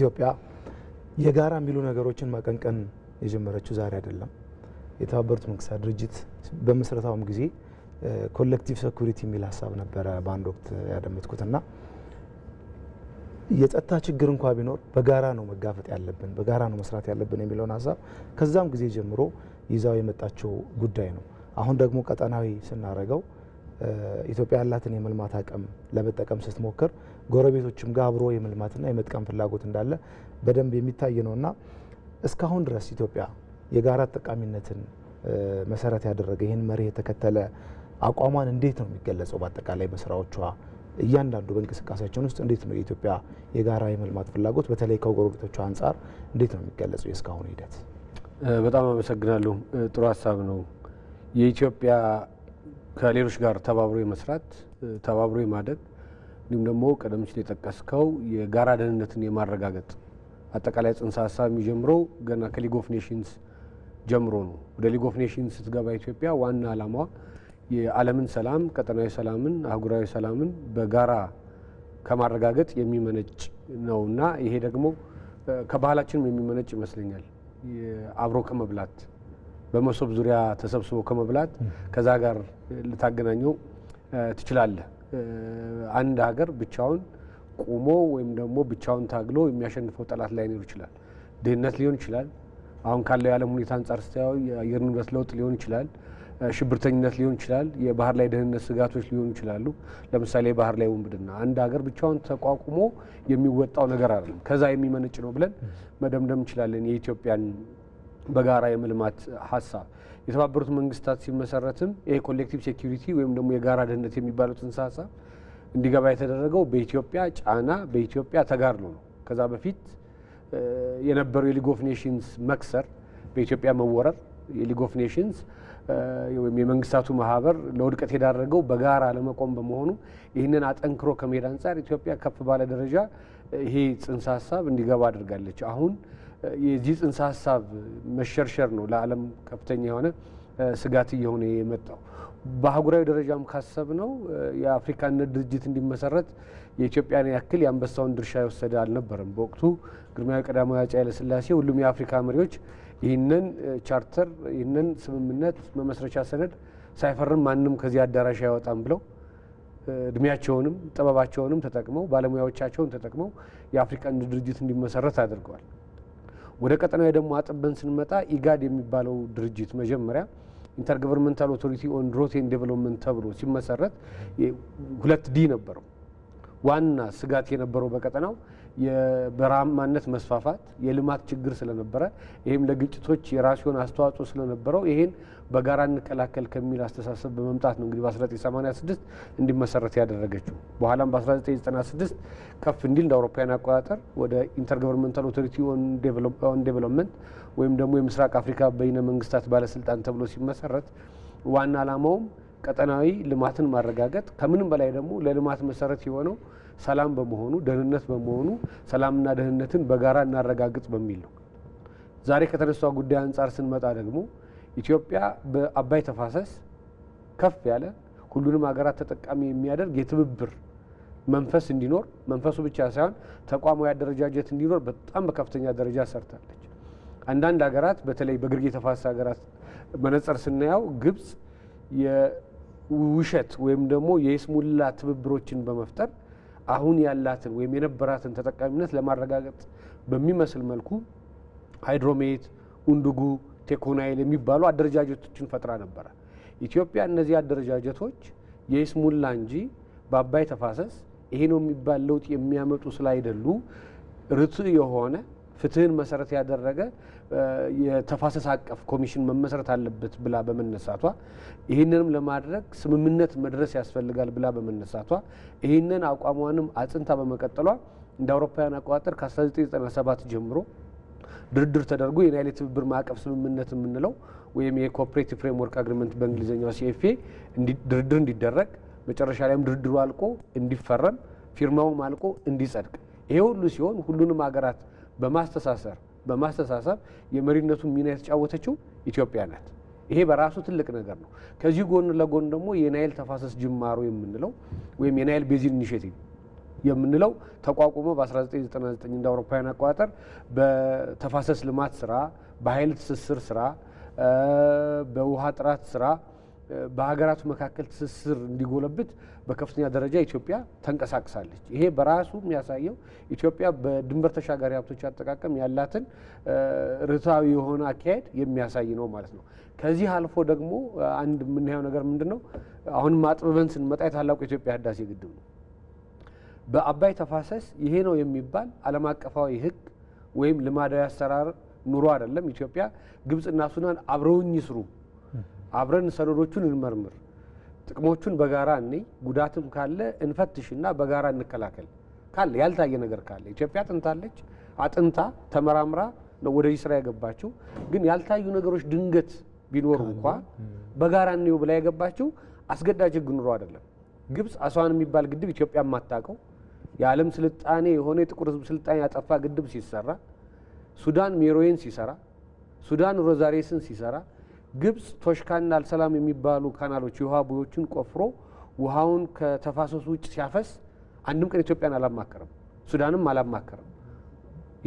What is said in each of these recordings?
ኢትዮጵያ የጋራ የሚሉ ነገሮችን ማቀንቀን የጀመረችው ዛሬ አይደለም። የተባበሩት መንግስታት ድርጅት በምስረታውም ጊዜ ኮሌክቲቭ ሴኩሪቲ የሚል ሀሳብ ነበረ በአንድ ወቅት ያደመጥኩትና የጸጥታ ችግር እንኳ ቢኖር በጋራ ነው መጋፈጥ ያለብን፣ በጋራ ነው መስራት ያለብን የሚለውን ሀሳብ ከዛም ጊዜ ጀምሮ ይዛው የመጣቸው ጉዳይ ነው። አሁን ደግሞ ቀጠናዊ ስናረገው ኢትዮጵያ ያላትን የመልማት አቅም ለመጠቀም ስትሞክር ጎረቤቶችም ጋር አብሮ የመልማትና የመጥቀም ፍላጎት እንዳለ በደንብ የሚታይ ነውና እስካሁን ድረስ ኢትዮጵያ የጋራ ጠቃሚነትን መሰረት ያደረገ ይህን መርህ የተከተለ አቋሟን እንዴት ነው የሚገለጸው? በአጠቃላይ በስራዎቿ እያንዳንዱ በእንቅስቃሴያችን ውስጥ እንዴት ነው የኢትዮጵያ የጋራ የመልማት ፍላጎት በተለይ ከጎረቤቶቿ አንጻር እንዴት ነው የሚገለጸው? የእስካሁኑ ሂደት በጣም አመሰግናለሁ። ጥሩ ሀሳብ ነው። የኢትዮጵያ ከሌሎች ጋር ተባብሮ የመስራት ተባብሮ የማደግ እንዲሁም ደግሞ ቀደም ሲል የጠቀስከው የጋራ ደህንነትን የማረጋገጥ አጠቃላይ ጽንሰ ሀሳብ የሚጀምረው ገና ከሊግ ኦፍ ኔሽንስ ጀምሮ ነው። ወደ ሊግ ኦፍ ኔሽንስ ስትገባ ኢትዮጵያ ዋና ዓላማዋ የዓለምን ሰላም፣ ቀጠናዊ ሰላምን፣ አህጉራዊ ሰላምን በጋራ ከማረጋገጥ የሚመነጭ ነው እና ይሄ ደግሞ ከባህላችንም የሚመነጭ ይመስለኛል። አብሮ ከመብላት በመሶብ ዙሪያ ተሰብስቦ ከመብላት ከዛ ጋር ልታገናኘው ትችላለህ። አንድ ሀገር ብቻውን ቁሞ ወይም ደግሞ ብቻውን ታግሎ የሚያሸንፈው ጠላት ላይኖር ይችላል። ድህነት ሊሆን ይችላል። አሁን ካለው የዓለም ሁኔታ አንጻር ስታየው የአየር ንብረት ለውጥ ሊሆን ይችላል። ሽብርተኝነት ሊሆን ይችላል። የባህር ላይ ደህንነት ስጋቶች ሊሆኑ ይችላሉ። ለምሳሌ የባህር ላይ ውንብድና አንድ ሀገር ብቻውን ተቋቁሞ የሚወጣው ነገር አይደለም። ከዛ የሚመነጭ ነው ብለን መደምደም እንችላለን የኢትዮጵያን በጋራ የመልማት ሀሳብ የተባበሩት መንግስታት ሲመሰረትም ይሄ ኮሌክቲቭ ሴኪሪቲ ወይም ደግሞ የጋራ ደህንነት የሚባለው ጽንሰ ሀሳብ እንዲገባ የተደረገው በኢትዮጵያ ጫና በኢትዮጵያ ተጋድሎ ነው። ከዛ በፊት የነበረው የሊግ ኦፍ ኔሽንስ መክሰር፣ በኢትዮጵያ መወረር የሊግ ኦፍ ኔሽንስ ወይም የመንግስታቱ ማህበር ለውድቀት የዳረገው በጋራ ለመቆም በመሆኑ ይህንን አጠንክሮ ከመሄድ አንጻር ኢትዮጵያ ከፍ ባለ ደረጃ ይሄ ጽንሰ ሀሳብ እንዲገባ አድርጋለች አሁን የዚህ ጽንሰ ሀሳብ መሸርሸር ነው ለዓለም ከፍተኛ የሆነ ስጋት እየሆነ የመጣው። በአህጉራዊ ደረጃም ካሰብ ነው የአፍሪካነት ድርጅት እንዲመሰረት የኢትዮጵያን ያክል የአንበሳውን ድርሻ የወሰደ አልነበረም። በወቅቱ ግርማዊ ቀዳማዊ አፄ ኃይለሥላሴ ሁሉም የአፍሪካ መሪዎች ይህንን ቻርተር ይህንን ስምምነት መመስረቻ ሰነድ ሳይፈርም ማንም ከዚህ አዳራሽ አይወጣም ብለው እድሜያቸውንም ጥበባቸውንም ተጠቅመው ባለሙያዎቻቸውን ተጠቅመው የአፍሪካ ድርጅት እንዲመሰረት አድርገዋል። ወደ ቀጠናዊ ደግሞ አጥበን ስንመጣ ኢጋድ የሚባለው ድርጅት መጀመሪያ ኢንተርገቨርንመንታል ኦቶሪቲ ኦን ግሮት ዴቨሎፕመንት ተብሎ ሲመሰረት ሁለት ዲ ነበረው። ዋና ስጋት የነበረው በቀጠናው የበረሃማነት መስፋፋት የልማት ችግር ስለነበረ ይህም ለግጭቶች የሆነ አስተዋጽኦ ስለነበረው ይህን በጋራ እንከላከል ከሚል አስተሳሰብ በመምጣት ነው እንግዲህ በ1986 እንዲመሰረት ያደረገችው። በኋላም በ1996 ከፍ እንዲል እንደ አውሮፓውያን አቆጣጠር ወደ ኢንተርገቨርንመንታል ኦቶሪቲ ኦን ዴቨሎፕመንት ወይም ደግሞ የምስራቅ አፍሪካ በይነ መንግስታት ባለስልጣን ተብሎ ሲመሰረት ዋና ዓላማውም ቀጠናዊ ልማትን ማረጋገጥ ከምንም በላይ ደግሞ ለልማት መሰረት የሆነው ሰላም በመሆኑ ደህንነት በመሆኑ ሰላምና ደህንነትን በጋራ እናረጋግጥ በሚል ነው። ዛሬ ከተነሷ ጉዳይ አንጻር ስንመጣ ደግሞ ኢትዮጵያ በአባይ ተፋሰስ ከፍ ያለ ሁሉንም ሀገራት ተጠቃሚ የሚያደርግ የትብብር መንፈስ እንዲኖር መንፈሱ ብቻ ሳይሆን ተቋማዊ አደረጃጀት እንዲኖር በጣም በከፍተኛ ደረጃ ሰርታለች። አንዳንድ ሀገራት በተለይ በግርጌ ተፋሰስ ሀገራት መነጽር ስናየው ግብጽ የውሸት ወይም ደግሞ የይስሙላ ትብብሮችን በመፍጠር አሁን ያላትን ወይም የነበራትን ተጠቃሚነት ለማረጋገጥ በሚመስል መልኩ ሃይድሮሜት፣ ኡንዱጉ፣ ቴኮናይል የሚባሉ አደረጃጀቶችን ፈጥራ ነበረ። ኢትዮጵያ እነዚህ አደረጃጀቶች የይስሙላ እንጂ በአባይ ተፋሰስ ይሄ ነው የሚባል ለውጥ የሚያመጡ ስላይደሉ ርቱዕ የሆነ ፍትህን መሰረት ያደረገ የተፋሰስ አቀፍ ኮሚሽን መመስረት አለበት ብላ በመነሳቷ ይህንንም ለማድረግ ስምምነት መድረስ ያስፈልጋል ብላ በመነሳቷ ይህንን አቋሟንም አጽንታ በመቀጠሏ እንደ አውሮፓውያን አቆጣጠር ከ1997 ጀምሮ ድርድር ተደርጎ የናይል የትብብር ማዕቀፍ ስምምነት የምንለው ወይም የኮኦፕሬቲቭ ፍሬምወርክ አግሪመንት በእንግሊዝኛው ሲኤፍኤ ድርድር እንዲደረግ መጨረሻ ላይም ድርድሩ አልቆ እንዲፈረም ፊርማውም አልቆ እንዲጸድቅ ይሄ ሁሉ ሲሆን ሁሉንም ሀገራት በማስተሳሰር በማስተሳሰብ የመሪነቱን ሚና የተጫወተችው ኢትዮጵያ ናት። ይሄ በራሱ ትልቅ ነገር ነው። ከዚህ ጎን ለጎን ደግሞ የናይል ተፋሰስ ጅማሮ የምንለው ወይም የናይል ቤዚን ኢኒሽቲቭ የምንለው ተቋቁሞ በ1999 እንደ አውሮፓውያን አቆጣጠር በተፋሰስ ልማት ስራ፣ በኃይል ትስስር ስራ፣ በውሃ ጥራት ስራ በሀገራቱ መካከል ትስስር እንዲጎለብት በከፍተኛ ደረጃ ኢትዮጵያ ተንቀሳቅሳለች። ይሄ በራሱ የሚያሳየው ኢትዮጵያ በድንበር ተሻጋሪ ሀብቶች አጠቃቀም ያላትን ርትዓዊ የሆነ አካሄድ የሚያሳይ ነው ማለት ነው። ከዚህ አልፎ ደግሞ አንድ የምናየው ነገር ምንድን ነው? አሁንም አጥብበን ስንመጣ የታላቁ የኢትዮጵያ ህዳሴ ግድብ ነው። በአባይ ተፋሰስ ይሄ ነው የሚባል ዓለም አቀፋዊ ህግ ወይም ልማዳዊ አሰራር ኑሮ አይደለም። ኢትዮጵያ፣ ግብፅና ሱዳን አብረውኝ ስሩ አብረን ሰነዶቹን እንመርምር፣ ጥቅሞቹን በጋራ እንይ፣ ጉዳትም ካለ እንፈትሽና በጋራ እንከላከል ካለ ያልታየ ነገር ካለ ኢትዮጵያ አጥንታለች። አጥንታ ተመራምራ ነው ወደዚህ ስራ የገባችው። ግን ያልታዩ ነገሮች ድንገት ቢኖሩ እንኳ በጋራ እንየው ብላ የገባችው አስገዳጅ ህግ ኑሮ አይደለም። ግብጽ አስዋን የሚባል ግድብ ኢትዮጵያ የማታውቀው የዓለም ስልጣኔ የሆነ የጥቁር ህዝብ ስልጣኔ ያጠፋ ግድብ ሲሰራ፣ ሱዳን ሜሮዌን ሲሰራ፣ ሱዳን ሮዛሬስን ሲሰራ ግብጽ ቶሽካና አልሰላም የሚባሉ ካናሎች የውሃ ቦዮችን ቆፍሮ ውሃውን ከተፋሰሱ ውጭ ሲያፈስ አንድም ቀን ኢትዮጵያን አላማከረም፣ ሱዳንም አላማከረም።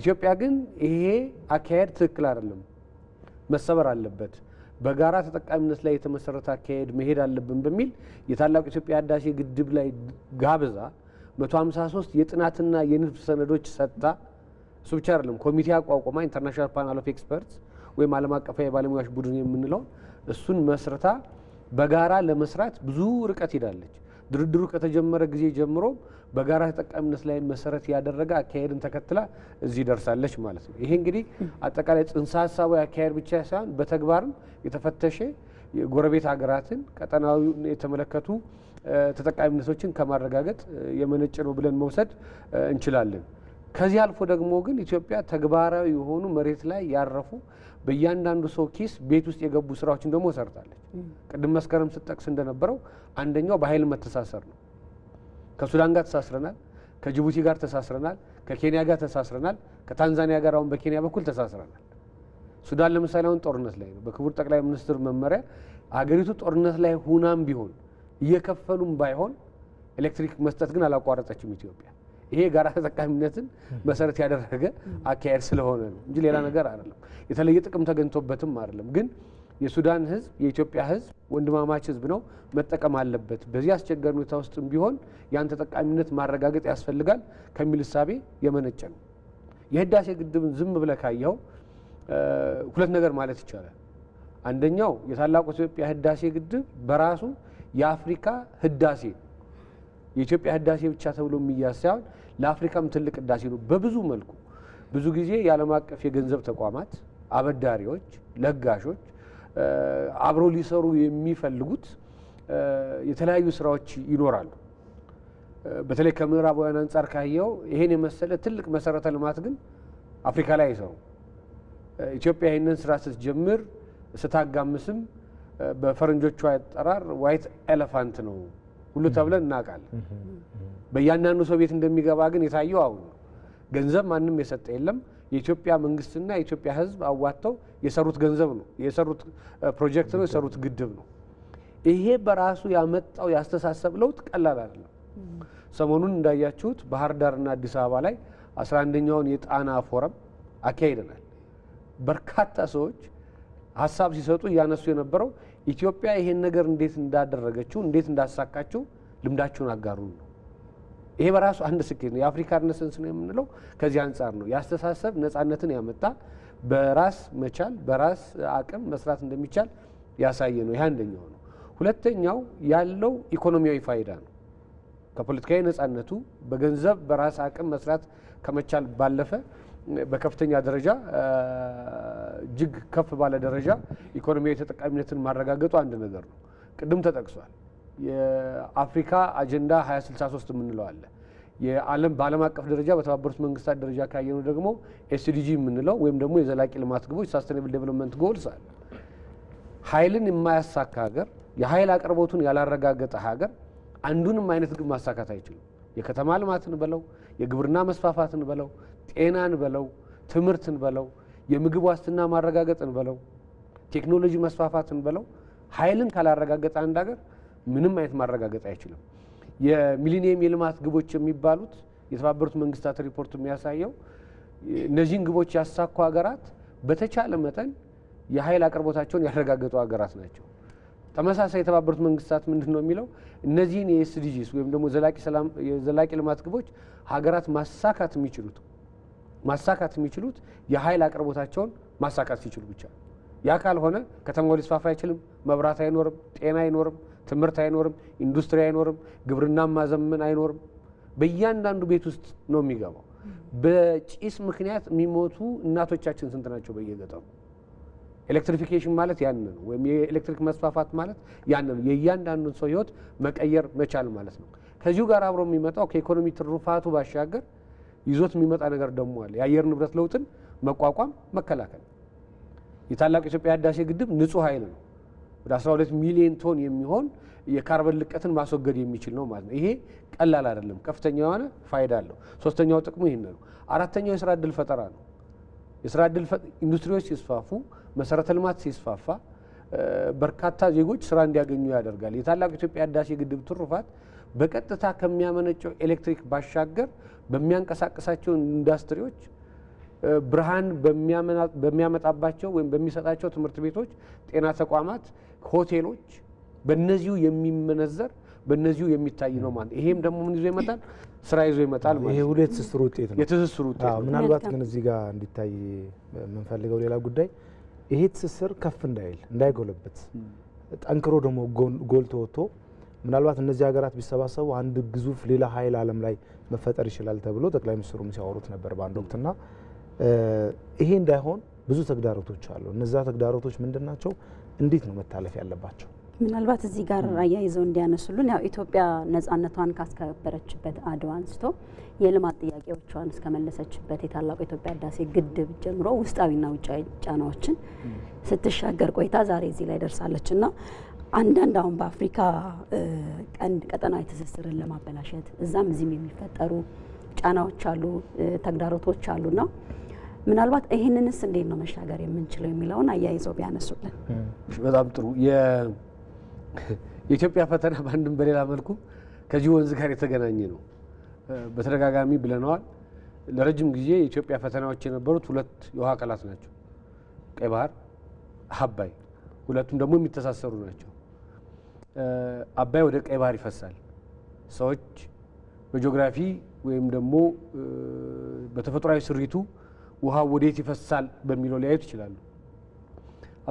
ኢትዮጵያ ግን ይሄ አካሄድ ትክክል አይደለም፣ መሰበር አለበት፣ በጋራ ተጠቃሚነት ላይ የተመሰረተ አካሄድ መሄድ አለብን በሚል የታላቁ ኢትዮጵያ ህዳሴ ግድብ ላይ ጋብዛ 153 የጥናትና የንድፍ ሰነዶች ሰጥታ። እሱ ብቻ አይደለም፣ ኮሚቴ አቋቁማ ኢንተርናሽናል ፓናል ኦፍ ኤክስፐርትስ ወይም ዓለም አቀፋዊ የባለሙያዎች ቡድን የምንለውን እሱን መስርታ በጋራ ለመስራት ብዙ ርቀት ሄዳለች። ድርድሩ ከተጀመረ ጊዜ ጀምሮ በጋራ ተጠቃሚነት ላይ መሰረት ያደረገ አካሄድን ተከትላ እዚህ ደርሳለች ማለት ነው። ይሄ እንግዲህ አጠቃላይ ጽንሰ ሀሳቡ አካሄድ ብቻ ሳይሆን በተግባርም የተፈተሸ የጎረቤት ሀገራትን ቀጠናዊ የተመለከቱ ተጠቃሚነቶችን ከማረጋገጥ የመነጨ ነው ብለን መውሰድ እንችላለን። ከዚህ አልፎ ደግሞ ግን ኢትዮጵያ ተግባራዊ የሆኑ መሬት ላይ ያረፉ በእያንዳንዱ ሰው ኪስ ቤት ውስጥ የገቡ ስራዎችን ደግሞ ሰርታለች። ቅድም መስከረም ስጠቅስ እንደነበረው አንደኛው በኃይል መተሳሰር ነው። ከሱዳን ጋር ተሳስረናል፣ ከጅቡቲ ጋር ተሳስረናል፣ ከኬንያ ጋር ተሳስረናል፣ ከታንዛኒያ ጋር አሁን በኬንያ በኩል ተሳስረናል። ሱዳን ለምሳሌ አሁን ጦርነት ላይ ነው። በክቡር ጠቅላይ ሚኒስትር መመሪያ አገሪቱ ጦርነት ላይ ሁናም ቢሆን እየከፈሉም ባይሆን ኤሌክትሪክ መስጠት ግን አላቋረጠችም ኢትዮጵያ ይሄ የጋራ ተጠቃሚነትን መሰረት ያደረገ አካሄድ ስለሆነ ነው እንጂ ሌላ ነገር አይደለም። የተለየ ጥቅም ተገኝቶበትም አይደለም። ግን የሱዳን ህዝብ የኢትዮጵያ ህዝብ ወንድማማች ህዝብ ነው፣ መጠቀም አለበት። በዚህ አስቸጋሪ ሁኔታ ውስጥም ቢሆን ያን ተጠቃሚነት ማረጋገጥ ያስፈልጋል ከሚል እሳቤ የመነጨ ነው። የህዳሴ ግድብን ዝም ብለህ ካየኸው ሁለት ነገር ማለት ይቻላል። አንደኛው የታላቁ ኢትዮጵያ ህዳሴ ግድብ በራሱ የአፍሪካ ህዳሴ የኢትዮጵያ ህዳሴ ብቻ ተብሎ የሚያዝ ሳይሆን ለአፍሪካም ትልቅ ዳሴ ነው። በብዙ መልኩ ብዙ ጊዜ የዓለም አቀፍ የገንዘብ ተቋማት፣ አበዳሪዎች፣ ለጋሾች አብረው ሊሰሩ የሚፈልጉት የተለያዩ ስራዎች ይኖራሉ። በተለይ ከምዕራባውያን አንጻር ካየው ይሄን የመሰለ ትልቅ መሰረተ ልማት ግን አፍሪካ ላይ አይሰሩ። ኢትዮጵያ ይህንን ስራ ስትጀምር ስታጋምስም በፈረንጆቹ አጠራር ዋይት ኤሌፋንት ነው ሁሉ ተብለን እናውቃለን። በእያንዳንዱ ሰው ቤት እንደሚገባ ግን የታየው አሁን ነው። ገንዘብ ማንም የሰጠ የለም። የኢትዮጵያ መንግስትና የኢትዮጵያ ሕዝብ አዋጥተው የሰሩት ገንዘብ ነው፣ የሰሩት ፕሮጀክት ነው፣ የሰሩት ግድብ ነው። ይሄ በራሱ ያመጣው ያስተሳሰብ ለውጥ ቀላል አይደለም። ሰሞኑን እንዳያችሁት ባህር ዳርና አዲስ አበባ ላይ አስራ አንደኛውን የጣና ፎረም አካሂደናል። በርካታ ሰዎች ሀሳብ ሲሰጡ እያነሱ የነበረው ኢትዮጵያ ይሄን ነገር እንዴት እንዳደረገችው እንዴት እንዳሳካችው ልምዳችሁን አጋሩ ነው። ይሄ በራሱ አንድ ስኬት ነው። የአፍሪካ ርነሰንስ ነው የምንለው ከዚህ አንጻር ነው። የአስተሳሰብ ነጻነትን ያመጣ በራስ መቻል በራስ አቅም መስራት እንደሚቻል ያሳየ ነው። ይህ አንደኛው ነው። ሁለተኛው ያለው ኢኮኖሚያዊ ፋይዳ ነው። ከፖለቲካዊ ነጻነቱ በገንዘብ በራስ አቅም መስራት ከመቻል ባለፈ በከፍተኛ ደረጃ እጅግ ከፍ ባለ ደረጃ ኢኮኖሚያዊ ተጠቃሚነትን ማረጋገጡ አንድ ነገር ነው። ቅድም ተጠቅሷል። የአፍሪካ አጀንዳ 2063 የምንለው አለ። የዓለም በዓለም አቀፍ ደረጃ በተባበሩት መንግስታት ደረጃ ካየነው ደግሞ ኤስዲጂ የምንለው ወይም ደግሞ የዘላቂ ልማት ግቦች ሳስቴናብል ዴቨሎፕመንት ጎልስ አለ። ኃይልን የማያሳካ ሀገር፣ የኃይል አቅርቦቱን ያላረጋገጠ ሀገር አንዱንም አይነት ግብ ማሳካት አይችልም። የከተማ ልማትን በለው፣ የግብርና መስፋፋትን በለው፣ ጤናን በለው፣ ትምህርትን በለው የምግብ ዋስትና ማረጋገጥን በለው ቴክኖሎጂ መስፋፋትን በለው ኃይልን ካላረጋገጠ አንድ ሀገር ምንም አይነት ማረጋገጥ አይችልም። የሚሊኒየም የልማት ግቦች የሚባሉት የተባበሩት መንግስታት ሪፖርት የሚያሳየው እነዚህን ግቦች ያሳኩ ሀገራት በተቻለ መጠን የኃይል አቅርቦታቸውን ያረጋገጡ ሀገራት ናቸው። ተመሳሳይ የተባበሩት መንግስታት ምንድን ነው የሚለው እነዚህን የኤስዲጂስ ወይም ደግሞ የዘላቂ ልማት ግቦች ሀገራት ማሳካት የሚችሉት ማሳካት የሚችሉት የኃይል አቅርቦታቸውን ማሳካት ሲችሉ ብቻ። ያ ካልሆነ ከተማው ሊስፋፋ አይችልም። መብራት አይኖርም፣ ጤና አይኖርም፣ ትምህርት አይኖርም፣ ኢንዱስትሪ አይኖርም፣ ግብርና ማዘመን አይኖርም። በእያንዳንዱ ቤት ውስጥ ነው የሚገባው። በጭስ ምክንያት የሚሞቱ እናቶቻችን ስንት ናቸው በየገጠሩ? ኤሌክትሪፊኬሽን ማለት ያን ነው። ወይም የኤሌክትሪክ መስፋፋት ማለት ያን ነው። የእያንዳንዱን ሰው ህይወት መቀየር መቻል ማለት ነው። ከዚሁ ጋር አብሮ የሚመጣው ከኢኮኖሚ ትሩፋቱ ባሻገር ይዞት የሚመጣ ነገር ደግሞ አለ። የአየር ንብረት ለውጥን መቋቋም፣ መከላከል። የታላቁ ኢትዮጵያ ህዳሴ ግድብ ንጹህ ኃይል ነው። ወደ 12 ሚሊዮን ቶን የሚሆን የካርበን ልቀትን ማስወገድ የሚችል ነው ማለት ነው። ይሄ ቀላል አይደለም። ከፍተኛ የሆነ ፋይዳ አለው። ሶስተኛው ጥቅሙ ይህን ነው። አራተኛው የስራ እድል ፈጠራ ነው። የስራ እድል ኢንዱስትሪዎች ሲስፋፉ፣ መሰረተ ልማት ሲስፋፋ በርካታ ዜጎች ስራ እንዲያገኙ ያደርጋል። የታላቁ ኢትዮጵያ ህዳሴ ግድብ ትሩፋት በቀጥታ ከሚያመነጨው ኤሌክትሪክ ባሻገር በሚያንቀሳቀሳቸው ኢንዱስትሪዎች ብርሃን በሚያመጣባቸው ወይም በሚሰጣቸው ትምህርት ቤቶች፣ ጤና ተቋማት፣ ሆቴሎች በእነዚሁ የሚመነዘር በእነዚሁ የሚታይ ነው ማለት ይሄም ደግሞ ምን ይዞ ይመጣል? ስራ ይዞ ይመጣል ማለት ይሄ ሁሉ የትስስሩ ውጤት ነው። የትስስሩ ውጤት ነው። ምናልባት ግን እዚህ ጋር እንዲታይ የምንፈልገው ሌላ ጉዳይ ይሄ ትስስር ከፍ እንዳይል እንዳይጎለበት ጠንክሮ ደግሞ ጎልቶ ወጥቶ ምናልባት እነዚህ ሀገራት ቢሰባሰቡ አንድ ግዙፍ ሌላ ኃይል ዓለም ላይ መፈጠር ይችላል ተብሎ ጠቅላይ ሚኒስትሩም ሲያወሩት ነበር በአንድ ወቅትና ይሄ እንዳይሆን ብዙ ተግዳሮቶች አሉ። እነዛ ተግዳሮቶች ምንድን ናቸው? እንዴት ነው መታለፍ ያለባቸው? ምናልባት እዚህ ጋር አያይዘው እንዲያነሱልን ያው ኢትዮጵያ ነጻነቷን ካስከበረችበት አድዋ አንስቶ የልማት ጥያቄዎቿን እስከመለሰችበት የታላቁ ኢትዮጵያ ህዳሴ ግድብ ጀምሮ ውስጣዊና ውጫዊ ጫናዎችን ስትሻገር ቆይታ ዛሬ እዚህ ላይ ደርሳለች እና አንዳንድ አሁን በአፍሪካ ቀንድ ቀጠናዊ ትስስርን ለማበላሸት እዛም እዚህም የሚፈጠሩ ጫናዎች አሉ፣ ተግዳሮቶች አሉና ምናልባት ይህንንስ እንዴት ነው መሻገር የምንችለው የሚለውን አያይዘው ቢያነሱልን በጣም ጥሩ። የኢትዮጵያ ፈተና በአንድም በሌላ መልኩ ከዚህ ወንዝ ጋር የተገናኘ ነው። በተደጋጋሚ ብለነዋል። ለረጅም ጊዜ የኢትዮጵያ ፈተናዎች የነበሩት ሁለት የውሃ አካላት ናቸው፣ ቀይ ባህር፣ አባይ። ሁለቱም ደግሞ የሚተሳሰሩ ናቸው። አባይ ወደ ቀይ ባህር ይፈሳል። ሰዎች በጂኦግራፊ ወይም ደግሞ በተፈጥሯዊ ስሪቱ ውሃ ወዴት ይፈሳል በሚለው ሊያዩት ይችላሉ።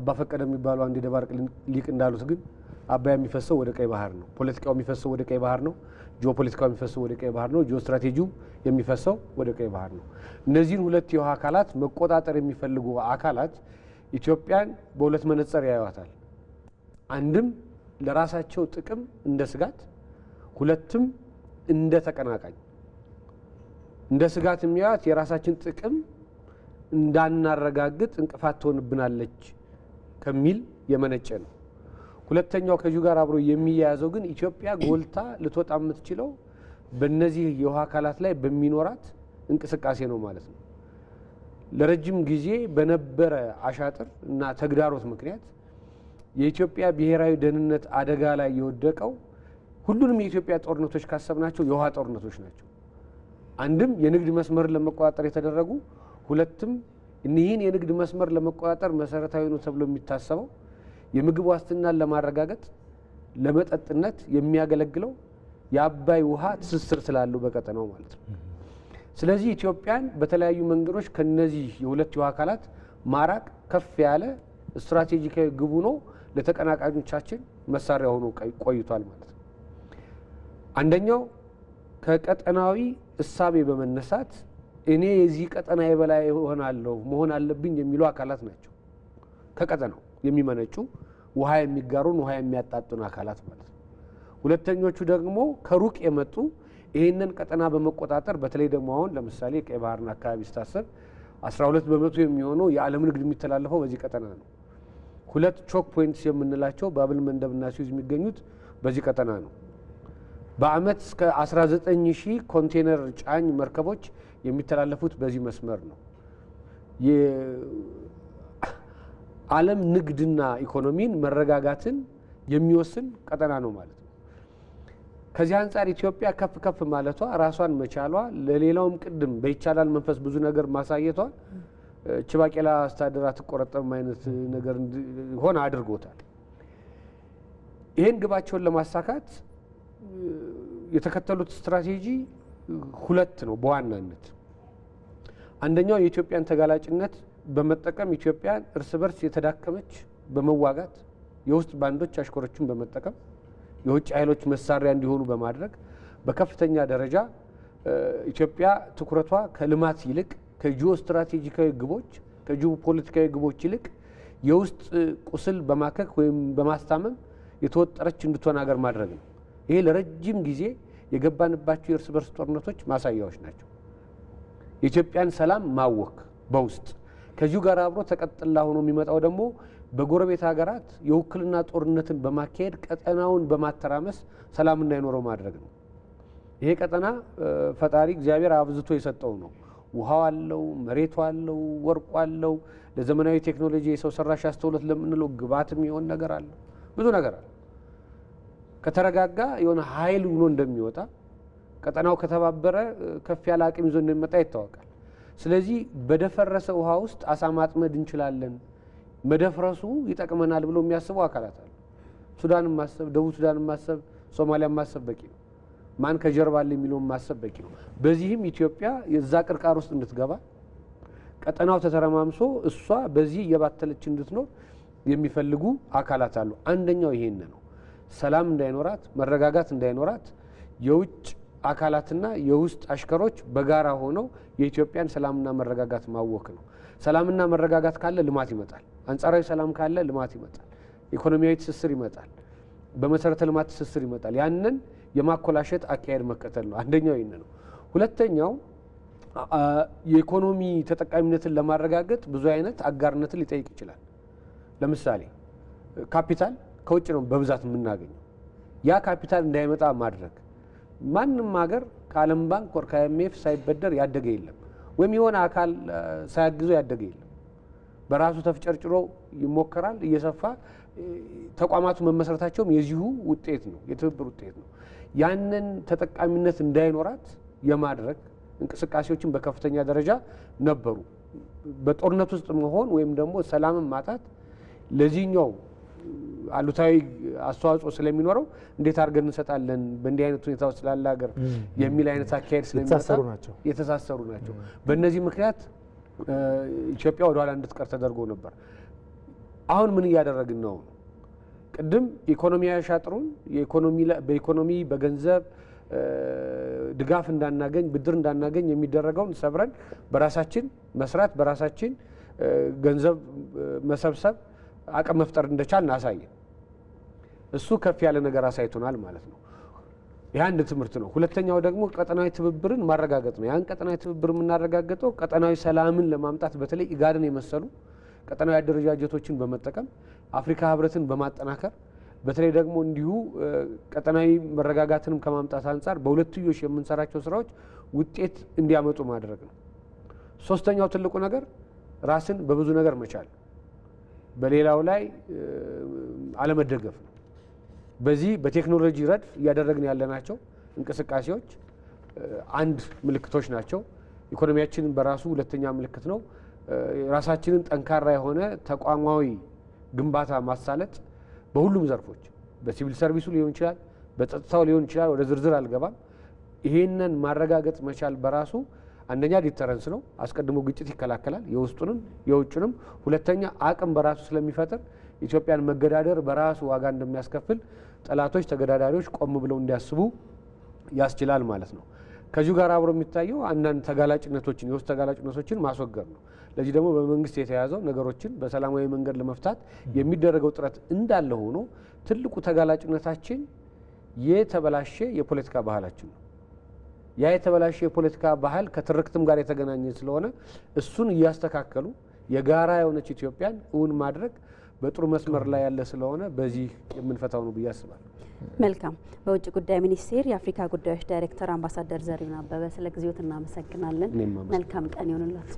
አባ ፈቀደ የሚባሉ አንድ የደባርቅ ሊቅ እንዳሉት ግን አባይ የሚፈሰው ወደ ቀይ ባህር ነው። ፖለቲካው የሚፈሰው ወደ ቀይ ባህር ነው። ጂኦፖለቲካው የሚፈሰው ወደ ቀይ ባህር ነው። ጂኦ ስትራቴጂው የሚፈሰው ወደ ቀይ ባህር ነው። እነዚህን ሁለት የውሃ አካላት መቆጣጠር የሚፈልጉ አካላት ኢትዮጵያን በሁለት መነጽር ያዩዋታል። አንድም ለራሳቸው ጥቅም እንደ ስጋት፣ ሁለትም እንደ ተቀናቃኝ። እንደ ስጋት የሚያዩት የራሳችን ጥቅም እንዳናረጋግጥ እንቅፋት ትሆንብናለች ከሚል የመነጨ ነው። ሁለተኛው ከዚሁ ጋር አብሮ የሚያያዘው ግን ኢትዮጵያ ጎልታ ልትወጣ የምትችለው በእነዚህ የውሃ አካላት ላይ በሚኖራት እንቅስቃሴ ነው ማለት ነው። ለረጅም ጊዜ በነበረ አሻጥር እና ተግዳሮት ምክንያት የኢትዮጵያ ብሔራዊ ደህንነት አደጋ ላይ የወደቀው ሁሉንም የኢትዮጵያ ጦርነቶች ካሰብናቸው የውሃ ጦርነቶች ናቸው። አንድም የንግድ መስመር ለመቆጣጠር የተደረጉ ሁለትም እኒህን የንግድ መስመር ለመቆጣጠር መሰረታዊ ነው ተብሎ የሚታሰበው የምግብ ዋስትናን ለማረጋገጥ ለመጠጥነት የሚያገለግለው የአባይ ውሃ ትስስር ስላለው በቀጠናው ማለት ነው። ስለዚህ ኢትዮጵያን በተለያዩ መንገዶች ከነዚህ የሁለት የውሃ አካላት ማራቅ ከፍ ያለ ስትራቴጂካዊ ግቡ ነው። ለተቀናቃኞቻችን መሳሪያ ሆኖ ቆይቷል ማለት ነው። አንደኛው ከቀጠናዊ እሳቤ በመነሳት እኔ የዚህ ቀጠና የበላይ እሆናለሁ መሆን አለብኝ የሚሉ አካላት ናቸው። ከቀጠናው የሚመነጩ ውሃ የሚጋሩን ውሃ የሚያጣጡን አካላት ማለት ነው። ሁለተኞቹ ደግሞ ከሩቅ የመጡ ይህንን ቀጠና በመቆጣጠር በተለይ ደግሞ አሁን ለምሳሌ ቀይ ባህርን አካባቢ ስታሰብ 12 በመቶ የሚሆነው የዓለም ንግድ የሚተላለፈው በዚህ ቀጠና ነው። ሁለት ቾክ ፖይንትስ የምንላቸው ባብል መንደብና ስዊዝ የሚገኙት በዚህ ቀጠና ነው። በአመት እስከ 19 ሺህ ኮንቴነር ጫኝ መርከቦች የሚተላለፉት በዚህ መስመር ነው። የዓለም ንግድና ኢኮኖሚን መረጋጋትን የሚወስን ቀጠና ነው ማለት ነው። ከዚህ አንጻር ኢትዮጵያ ከፍ ከፍ ማለቷ ራሷን መቻሏ፣ ለሌላውም ቅድም በይቻላል መንፈስ ብዙ ነገር ማሳየቷ ችባቄላ ባቄላ አስተዳደር አትቆረጠም አይነት ነገር ሆነ አድርጎታል። ይህን ግባቸውን ለማሳካት የተከተሉት ስትራቴጂ ሁለት ነው በዋናነት አንደኛው የኢትዮጵያን ተጋላጭነት በመጠቀም ኢትዮጵያን እርስ በርስ የተዳከመች በመዋጋት የውስጥ ባንዶች አሽከሮችን በመጠቀም የውጭ ኃይሎች መሳሪያ እንዲሆኑ በማድረግ በከፍተኛ ደረጃ ኢትዮጵያ ትኩረቷ ከልማት ይልቅ ከጂኦ ስትራቴጂካዊ ግቦች ከጂኦ ፖለቲካዊ ግቦች ይልቅ የውስጥ ቁስል በማከክ ወይም በማስታመም የተወጠረች እንድትሆን ሀገር ማድረግ ነው። ይሄ ለረጅም ጊዜ የገባንባቸው የእርስ በርስ ጦርነቶች ማሳያዎች ናቸው። የኢትዮጵያን ሰላም ማወክ በውስጥ ከዚሁ ጋር አብሮ ተቀጥላ ሆኖ የሚመጣው ደግሞ በጎረቤት ሀገራት የውክልና ጦርነትን በማካሄድ ቀጠናውን በማተራመስ ሰላም እንዳይኖረው ማድረግ ነው። ይሄ ቀጠና ፈጣሪ እግዚአብሔር አብዝቶ የሰጠው ነው። ውሃው አለው፣ መሬቱ አለው፣ ወርቁ አለው። ለዘመናዊ ቴክኖሎጂ የሰው ሰራሽ አስተውሎት ለምንለው ግብዓት የሚሆን ነገር አለ፣ ብዙ ነገር አለ። ከተረጋጋ የሆነ ኃይል ሆኖ እንደሚወጣ ቀጠናው ከተባበረ ከፍ ያለ አቅም ይዞ እንደሚመጣ ይታወቃል። ስለዚህ በደፈረሰ ውሃ ውስጥ አሳ ማጥመድ እንችላለን፣ መደፍረሱ ይጠቅመናል ብሎ የሚያስቡ አካላት አሉ። ሱዳን ማሰብ፣ ደቡብ ሱዳን ማሰብ፣ ሶማሊያ ማሰብ በቂ ነው። ማን ከጀርባ አለ የሚለውን ማሰብ በቂ ነው። በዚህም ኢትዮጵያ የዛ ቅርቃር ውስጥ እንድትገባ ቀጠናው ተተረማምሶ እሷ በዚህ እየባተለች እንድትኖር የሚፈልጉ አካላት አሉ። አንደኛው ይሄን ነው። ሰላም እንዳይኖራት፣ መረጋጋት እንዳይኖራት የውጭ አካላትና የውስጥ አሽከሮች በጋራ ሆነው የኢትዮጵያን ሰላምና መረጋጋት ማወክ ነው። ሰላምና መረጋጋት ካለ ልማት ይመጣል። አንጻራዊ ሰላም ካለ ልማት ይመጣል። ኢኮኖሚያዊ ትስስር ይመጣል። በመሰረተ ልማት ትስስር ይመጣል። ያንን የማኮላሸት አካሄድ መከተል ነው። አንደኛው ይህን ነው። ሁለተኛው የኢኮኖሚ ተጠቃሚነትን ለማረጋገጥ ብዙ አይነት አጋርነትን ሊጠይቅ ይችላል። ለምሳሌ ካፒታል ከውጭ ነው በብዛት የምናገኘው። ያ ካፒታል እንዳይመጣ ማድረግ ማንም ሀገር ከዓለም ባንክ ወር ከአይኤምኤፍ ሳይበደር ያደገ የለም፣ ወይም የሆነ አካል ሳያግዘው ያደገ የለም። በራሱ ተፍጨርጭሮ ይሞከራል። እየሰፋ ተቋማቱ መመስረታቸውም የዚሁ ውጤት ነው፣ የትብብር ውጤት ነው። ያንን ተጠቃሚነት እንዳይኖራት የማድረግ እንቅስቃሴዎችን በከፍተኛ ደረጃ ነበሩ። በጦርነት ውስጥ መሆን ወይም ደግሞ ሰላምን ማጣት ለዚህኛው አሉታዊ አስተዋጽኦ ስለሚኖረው እንዴት አድርገን እንሰጣለን በእንዲህ አይነት ሁኔታ ውስጥ ላለ ሀገር የሚል አይነት አካሄድ የተሳሰሩ ናቸው። በእነዚህ ምክንያት ኢትዮጵያ ወደኋላ እንድትቀር ተደርጎ ነበር። አሁን ምን እያደረግን ነው? ቅድም ኢኮኖሚ አያሻጥሩን በኢኮኖሚ በገንዘብ ድጋፍ እንዳናገኝ ብድር እንዳናገኝ የሚደረገውን ሰብረን በራሳችን መስራት በራሳችን ገንዘብ መሰብሰብ አቅም መፍጠር እንደቻል እናሳየን። እሱ ከፍ ያለ ነገር አሳይቶናል ማለት ነው። ይህ አንድ ትምህርት ነው። ሁለተኛው ደግሞ ቀጠናዊ ትብብርን ማረጋገጥ ነው። ያን ቀጠናዊ ትብብር የምናረጋገጠው ቀጠናዊ ሰላምን ለማምጣት በተለይ ኢጋድን የመሰሉ ቀጠናዊ አደረጃጀቶችን በመጠቀም አፍሪካ ህብረትን በማጠናከር በተለይ ደግሞ እንዲሁ ቀጠናዊ መረጋጋትንም ከማምጣት አንጻር በሁለትዮሽ የምንሰራቸው ስራዎች ውጤት እንዲያመጡ ማድረግ ነው። ሶስተኛው ትልቁ ነገር ራስን በብዙ ነገር መቻል፣ በሌላው ላይ አለመደገፍ ነው። በዚህ በቴክኖሎጂ ረድፍ እያደረግን ያለናቸው እንቅስቃሴዎች አንድ ምልክቶች ናቸው። ኢኮኖሚያችንን በራሱ ሁለተኛ ምልክት ነው። ራሳችንን ጠንካራ የሆነ ተቋማዊ ግንባታ ማሳለጥ በሁሉም ዘርፎች በሲቪል ሰርቪሱ ሊሆን ይችላል፣ በጸጥታው ሊሆን ይችላል። ወደ ዝርዝር አልገባም። ይሄንን ማረጋገጥ መቻል በራሱ አንደኛ ዲተረንስ ነው፣ አስቀድሞ ግጭት ይከላከላል፣ የውስጡንም የውጭንም ሁለተኛ አቅም በራሱ ስለሚፈጥር ኢትዮጵያን መገዳደር በራሱ ዋጋ እንደሚያስከፍል ጠላቶች፣ ተገዳዳሪዎች ቆም ብለው እንዲያስቡ ያስችላል ማለት ነው። ከዚሁ ጋር አብሮ የሚታየው አንዳንድ ተጋላጭነቶችን የውስጥ ተጋላጭነቶችን ማስወገድ ነው። ለዚህ ደግሞ በመንግስት የተያዘው ነገሮችን በሰላማዊ መንገድ ለመፍታት የሚደረገው ጥረት እንዳለ ሆኖ ትልቁ ተጋላጭነታችን የተበላሸ የፖለቲካ ባህላችን ነው። ያ የተበላሸ የፖለቲካ ባህል ከትርክትም ጋር የተገናኘ ስለሆነ እሱን እያስተካከሉ የጋራ የሆነች ኢትዮጵያን እውን ማድረግ በጥሩ መስመር ላይ ያለ ስለሆነ በዚህ የምንፈታው ነው ብዬ አስባለሁ። መልካም። በውጭ ጉዳይ ሚኒስቴር የአፍሪካ ጉዳዮች ዳይሬክተር አምባሳደር ዘሪሁን አበበ ስለ ጊዜዎት እናመሰግናለን። መልካም ቀን ይሆንላት።